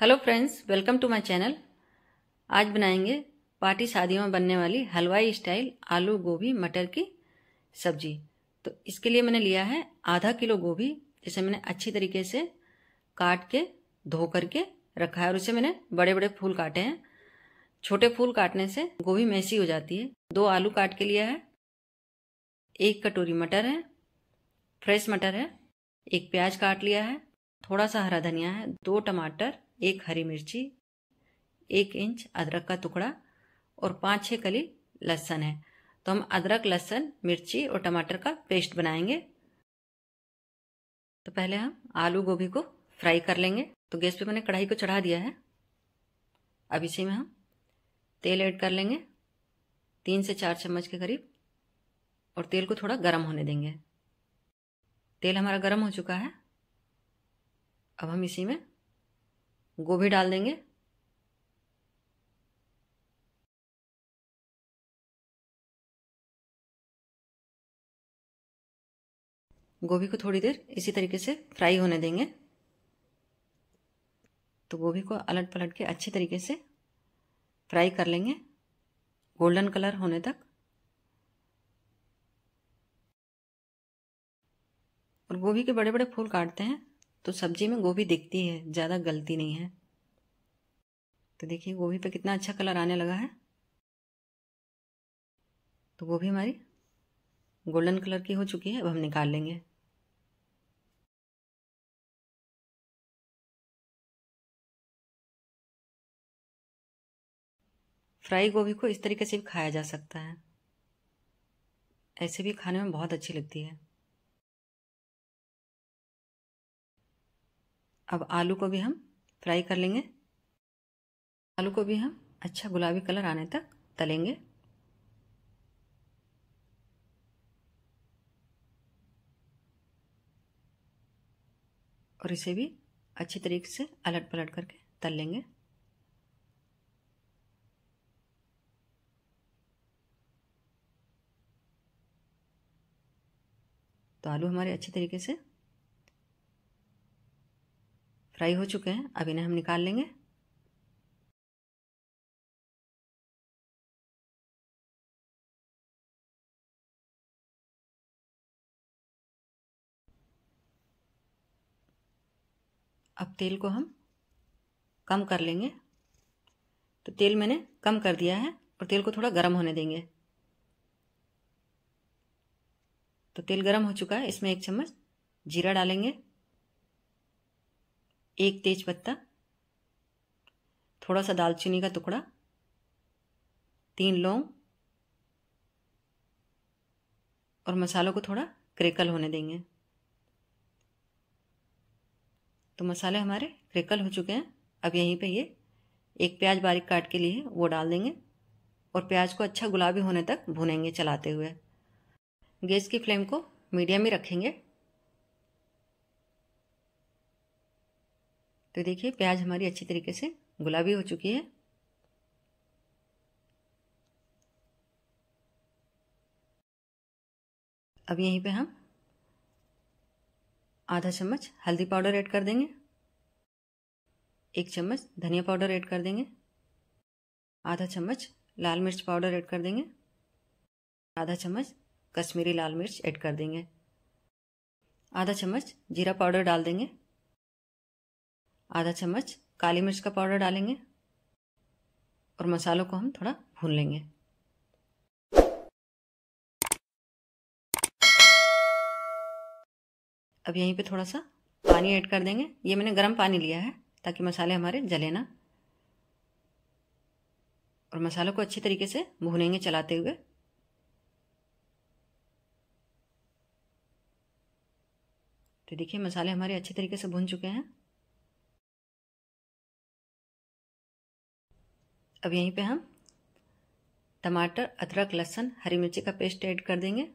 hello friends welcome to my channel आज बनाएंगे party शादियों में बनने वाली हलवाई स्टाइल आलू गोभी मटर की सब्जी तो इसके लिए मैंने लिया है आधा किलो गोभी जिसे मैंने अच्छी तरीके से काट के धो करके रखा है और उसे मैंने बड़े बड़े फूल काटे हैं छोटे फूल काटने से गोभी मैसी हो जाती है दो आलू काट के लिया है एक कटोरी मटर है फ्रेश मटर है एक प्याज काट लिया है थोड़ा सा हरा धनिया है दो टमाटर एक हरी मिर्ची एक इंच अदरक का टुकड़ा और पाँच छः कली लहसन है तो हम अदरक लहसन मिर्ची और टमाटर का पेस्ट बनाएंगे तो पहले हम आलू गोभी को फ्राई कर लेंगे तो गैस पे मैंने कढ़ाई को चढ़ा दिया है अब इसी में हम तेल ऐड कर लेंगे तीन से चार चम्मच के करीब और तेल को थोड़ा गर्म होने देंगे तेल हमारा गर्म हो चुका है अब हम इसी में गोभी डाल देंगे गोभी को थोड़ी देर इसी तरीके से फ्राई होने देंगे तो गोभी को अलट पलट के अच्छे तरीके से फ्राई कर लेंगे गोल्डन कलर होने तक और गोभी के बड़े बड़े फूल काटते हैं तो सब्जी में गोभी दिखती है ज़्यादा गलती नहीं है तो देखिए गोभी पे कितना अच्छा कलर आने लगा है तो गोभी हमारी गोल्डन कलर की हो चुकी है अब हम निकाल लेंगे फ्राई गोभी को इस तरीके से भी खाया जा सकता है ऐसे भी खाने में बहुत अच्छी लगती है अब आलू को भी हम फ्राई कर लेंगे आलू को भी हम अच्छा गुलाबी कलर आने तक तलेंगे और इसे भी अच्छी तरीके से अलट पलट करके तल लेंगे तो आलू हमारे अच्छे तरीके से फ्राई हो चुके हैं अब इन्हें हम निकाल लेंगे अब तेल को हम कम कर लेंगे तो तेल मैंने कम कर दिया है और तेल को थोड़ा गर्म होने देंगे तो तेल गर्म हो चुका है इसमें एक चम्मच जीरा डालेंगे एक तेज पत्ता थोड़ा सा दालचीनी का टुकड़ा तीन लौंग और मसालों को थोड़ा क्रेकल होने देंगे तो मसाले हमारे क्रेकल हो चुके हैं अब यहीं पे ये एक प्याज बारीक काट के लिए वो डाल देंगे और प्याज को अच्छा गुलाबी होने तक भुनेंगे चलाते हुए गैस की फ्लेम को मीडियम ही रखेंगे तो देखिए प्याज हमारी अच्छी तरीके से गुलाबी हो चुकी है अब यहीं पे हम आधा चम्मच हल्दी पाउडर ऐड कर देंगे एक चम्मच धनिया पाउडर ऐड कर देंगे आधा चम्मच लाल मिर्च पाउडर ऐड कर देंगे आधा चम्मच कश्मीरी लाल मिर्च ऐड कर देंगे आधा चम्मच जीरा पाउडर डाल देंगे आधा चम्मच काली मिर्च का पाउडर डालेंगे और मसालों को हम थोड़ा भून लेंगे अब यहीं पे थोड़ा सा पानी ऐड कर देंगे ये मैंने गर्म पानी लिया है ताकि मसाले हमारे जले ना और मसालों को अच्छी तरीके से भूनेंगे चलाते हुए तो देखिए मसाले हमारे अच्छे तरीके से भून चुके हैं अब यहीं पे हम टमाटर अदरक लहसुन हरी मिर्ची का पेस्ट ऐड कर देंगे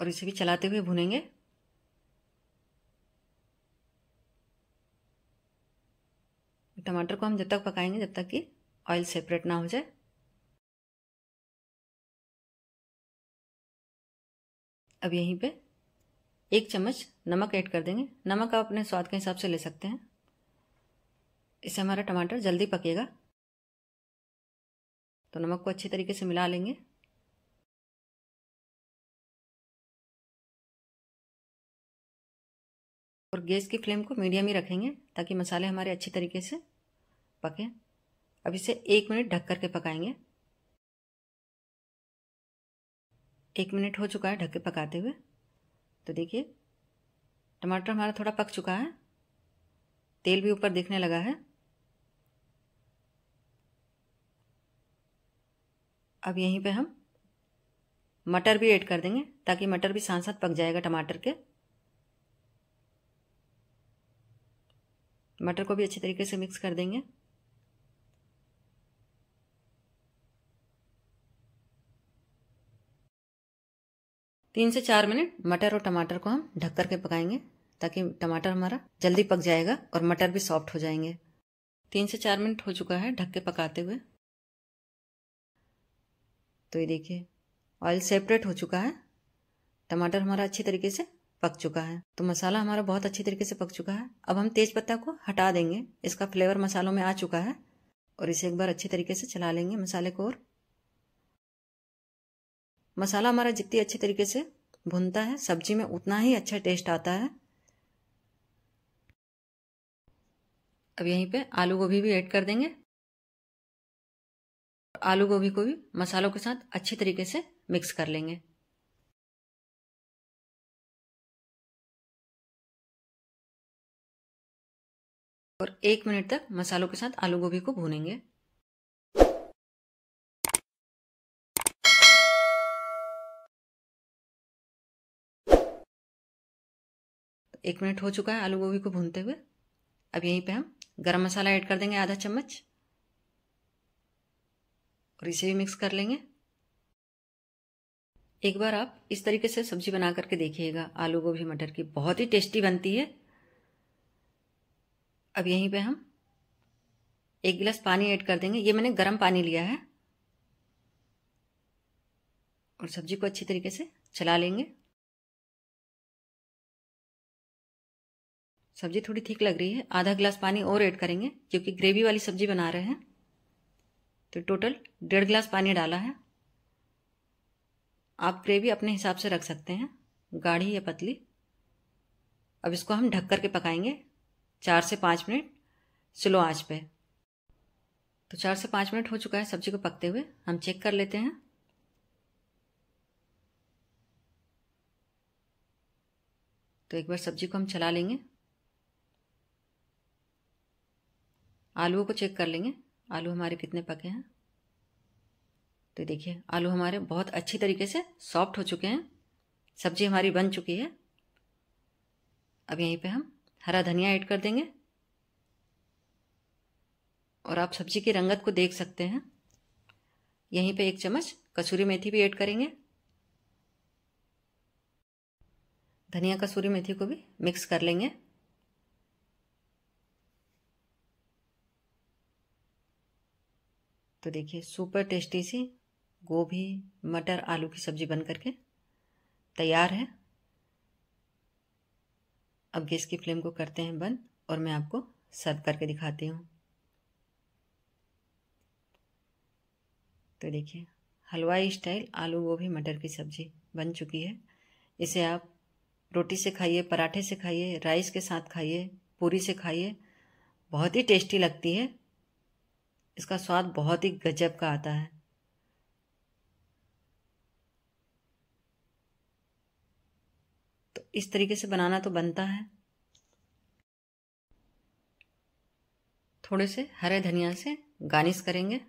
और इसे भी चलाते हुए भुनेंगे टमाटर को हम जब तक पकाएंगे जब तक कि ऑयल सेपरेट ना हो जाए अब यहीं पे एक चम्मच नमक ऐड कर देंगे नमक आप अपने स्वाद के हिसाब से ले सकते हैं इससे हमारा टमाटर जल्दी पकेगा तो नमक को अच्छे तरीके से मिला लेंगे और गैस की फ्लेम को मीडियम ही रखेंगे ताकि मसाले हमारे अच्छी तरीके से पके अब इसे एक मिनट ढक करके पकाएंगे एक मिनट हो चुका है ढक के पकाते हुए तो देखिए टमाटर हमारा थोड़ा पक चुका है तेल भी ऊपर दिखने लगा है अब यहीं पे हम मटर भी ऐड कर देंगे ताकि मटर भी साथ साथ पक जाएगा टमाटर के मटर को भी अच्छे तरीके से मिक्स कर देंगे तीन से चार मिनट मटर और टमाटर को हम ढक करके पकाएंगे ताकि टमाटर हमारा जल्दी पक जाएगा और मटर भी सॉफ्ट हो जाएंगे तीन से चार मिनट हो चुका है ढक के पकाते हुए तो ये देखिए ऑयल सेपरेट हो चुका है टमाटर हमारा अच्छी तरीके से पक चुका है तो मसाला हमारा बहुत अच्छी तरीके से पक चुका है अब हम तेज पत्ता को हटा देंगे इसका फ्लेवर मसालों में आ चुका है और इसे एक बार अच्छी तरीके से चला लेंगे मसाले को और मसाला हमारा जितनी अच्छी तरीके से भुनता है सब्जी में उतना ही अच्छा टेस्ट आता है अब यहीं पे आलू गोभी भी ऐड कर देंगे आलू गोभी को भी मसालों के साथ अच्छे तरीके से मिक्स कर लेंगे और एक मिनट तक मसालों के साथ आलू गोभी को भूनेंगे एक मिनट हो चुका है आलू गोभी को भूनते हुए अब यहीं पे हम गरम मसाला ऐड कर देंगे आधा चम्मच और इसे भी मिक्स कर लेंगे एक बार आप इस तरीके से सब्जी बना करके देखिएगा आलू गोभी मटर की बहुत ही टेस्टी बनती है अब यहीं पे हम एक गिलास पानी ऐड कर देंगे ये मैंने गर्म पानी लिया है और सब्जी को अच्छी तरीके से चला लेंगे सब्जी थोड़ी ठीक लग रही है आधा गिलास पानी और ऐड करेंगे क्योंकि ग्रेवी वाली सब्जी बना रहे हैं तो टोटल डेढ़ गिलास पानी डाला है आप ग्रेवी अपने हिसाब से रख सकते हैं गाढ़ी या पतली अब इसको हम ढक कर के पकाएंगे चार से पाँच मिनट स्लो आंच पे तो चार से पाँच मिनट हो चुका है सब्जी को पकते हुए हम चेक कर लेते हैं तो एक बार सब्जी को हम चला लेंगे आलूओं को चेक कर लेंगे आलू हमारे कितने पके हैं तो देखिए आलू हमारे बहुत अच्छी तरीके से सॉफ्ट हो चुके हैं सब्जी हमारी बन चुकी है अब यहीं पे हम हरा धनिया ऐड कर देंगे और आप सब्जी की रंगत को देख सकते हैं यहीं पे एक चम्मच कसूरी मेथी भी ऐड करेंगे धनिया कसूरी मेथी को भी मिक्स कर लेंगे तो देखिए सुपर टेस्टी सी गोभी मटर आलू की सब्ज़ी बन करके तैयार है अब गैस की फ्लेम को करते हैं बंद और मैं आपको सर्व करके दिखाती हूँ तो देखिए हलवाई स्टाइल आलू गोभी मटर की सब्ज़ी बन चुकी है इसे आप रोटी से खाइए पराठे से खाइए राइस के साथ खाइए पूरी से खाइए बहुत ही टेस्टी लगती है इसका स्वाद बहुत ही गजब का आता है तो इस तरीके से बनाना तो बनता है थोड़े से हरे धनिया से गार्निश करेंगे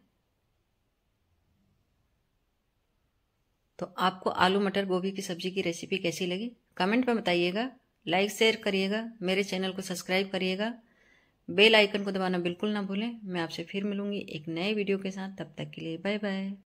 तो आपको आलू मटर गोभी की सब्जी की रेसिपी कैसी लगी कमेंट में बताइएगा लाइक शेयर करिएगा मेरे चैनल को सब्सक्राइब करिएगा बेल आइकन को दबाना बिल्कुल ना भूलें मैं आपसे फिर मिलूंगी एक नए वीडियो के साथ तब तक के लिए बाय बाय